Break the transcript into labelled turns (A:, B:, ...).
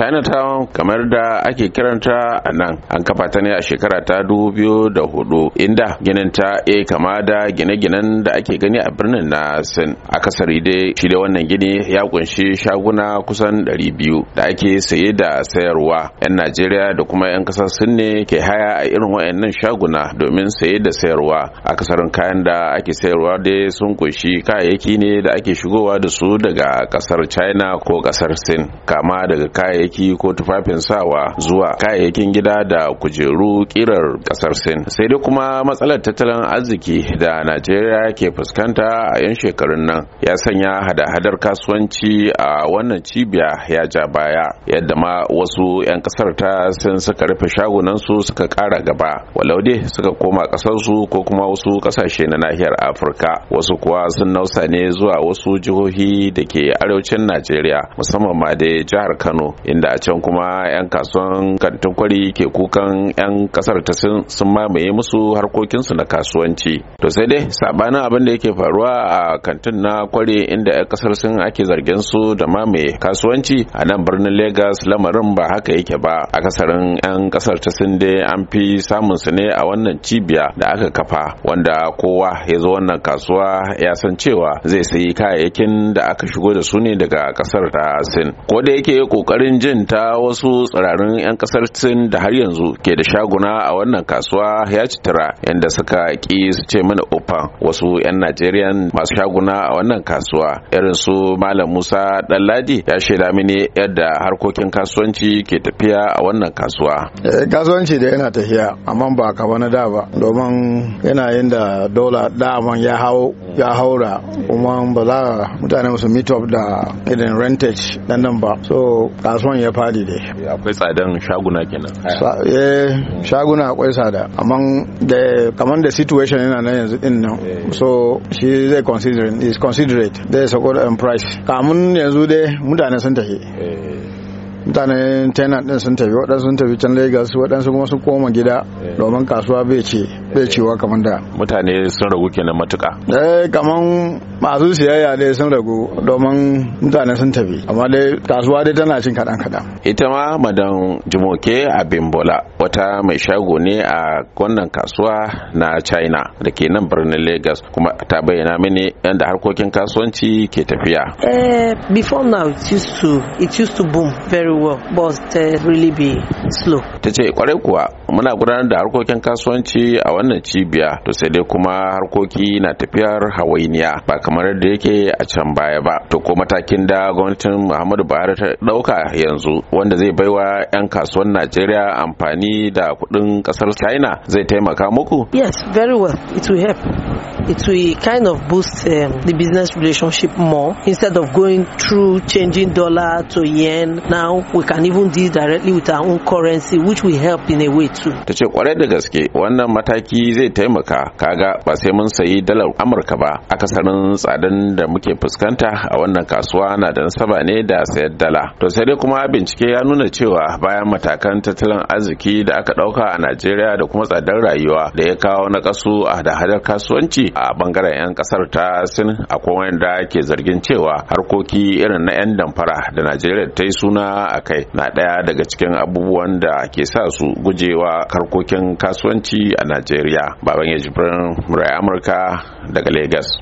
A: chinatown kamar da ake kiranta a nan an kafa ta ne a shekara ta da hudu, inda ginin ta ya kama da gine-ginen da ake gani a birnin na sin akasari dai shi da wannan gini ya kunshi shaguna kusan 200 da ake saye da sayarwa 'yan najeriya da kuma 'yan kasar sin ne ke haya a irin wayannan shaguna domin saye da sayarwa a akasarin kayan da ake sayarwa dai sun kunshi kayayyaki ne da ake shigowa da su daga kasar china ko kasar sin kama daga kayayyaki kayayyaki ko tufafin sawa zuwa kayayyakin gida da kujeru kirar kasar sin sai dai kuma matsalar tattalin arziki da najeriya ke fuskanta a yan shekarun nan ya sanya hada-hadar kasuwanci a wannan cibiya ya ja baya yadda ma wasu 'yan kasar ta sin suka rufe shagunansu suka kara gaba walaude dai suka koma kasarsu ko kuma wasu kasashe na nahiyar afirka wasu kuwa sun nausa ne zuwa wasu jihohi da ke arewacin najeriya musamman ma da jihar kano inda a can kuma 'yan kasuwan kantin kwari ke kukan 'yan kasar ta sun mamaye musu harkokinsu na kasuwanci to sai dai sabanin abin da yake faruwa a kantin na kwari inda 'yan kasar sun ake zargin su da mamaye kasuwanci a nan birnin Legas lamarin ba haka yake ba A kasarin 'yan kasar ta sun dai an fi samun su ne a wannan cibiya da aka kafa wanda kowa ya zo wannan kasuwa ya san cewa zai sayi kayayyakin da aka shigo da su ne daga kasar ta sin ko da yake kokarin jin ta wasu tsirarun 'yan kasar Sin da har yanzu ke da shaguna a wannan kasuwa ya citira yadda suka ki su ce mana opa wasu 'yan Najeriya masu shaguna a wannan kasuwa irin su Malam Musa Ɗanladi ya shaida mini yadda harkokin kasuwanci ke tafiya a wannan kasuwa. Eh,
B: kasuwanci da yana tafiya amma ba kaba na da ba domin yana yin da dola daman ya hau ya haura kuma ba za mutane su meet up da irin rentage nan ba so kasuwa telefon ya fadi dai
A: eh, akwai tsadan shaguna kenan
B: eh shaguna akwai tsada amma da kamar da situation yana nan yanzu din nan eh. so she is considering is considerate da sako um, price kamun yanzu dai mutane sun tafi eh. mutanen tenant din sun tafi waɗansu sun tafi can lagos waɗansu kuma sun koma gida domin kasuwa bai ce bai cewa kamar da
A: mutane sun ragu kenan matuka
B: eh kaman masu siyayya dai sun ragu domin mutane sun tafi amma dai kasuwa dai tana cin kadan kadan
A: ita ma madan jumoke bimbola wata mai shago ne a wannan kasuwa na china da ke nan birnin lagos kuma ta bayyana mini yadda harkokin kasuwanci ke tafiya
C: eh before now it used to it used to boom very well but uh, really be
A: slow tace kwarai kuwa muna gudanar da harkokin kasuwanci a wannan cibiya to sai dai kuma harkoki na tafiyar hawainiya ba kamar da yake a can baya ba to ko matakin da gwamnatin muhammadu buhari ta dauka yanzu wanda zai baiwa 'yan kasuwar najeriya amfani da kudin kasar china zai taimaka muku
C: yes very well it will help it will kind of boost um, the business relationship more. Instead of going through changing dollar to yen, now we can even deal directly with our own currency, which will help in a way too.
A: Ta ce kwarai da gaske wannan mataki zai taimaka kaga ba sai mun sayi dalar Amurka ba akasarin tsadan da muke fuskanta a wannan kasuwa na da nasaba ne da sayar dala. To sai dai kuma bincike ya nuna cewa bayan matakan tattalin arziki da aka dauka a Najeriya da kuma tsadar rayuwa da ya kawo na kasu a hada-hadar kasuwanci ta'addanci a bangaren 'yan kasar ta sin akwai wanda ke zargin cewa harkoki irin na 'yan damfara da najeriya ta yi suna a kai na ɗaya daga cikin abubuwan da ke sa su gujewa harkokin kasuwanci a najeriya baban ya jibrin amurka daga Legas.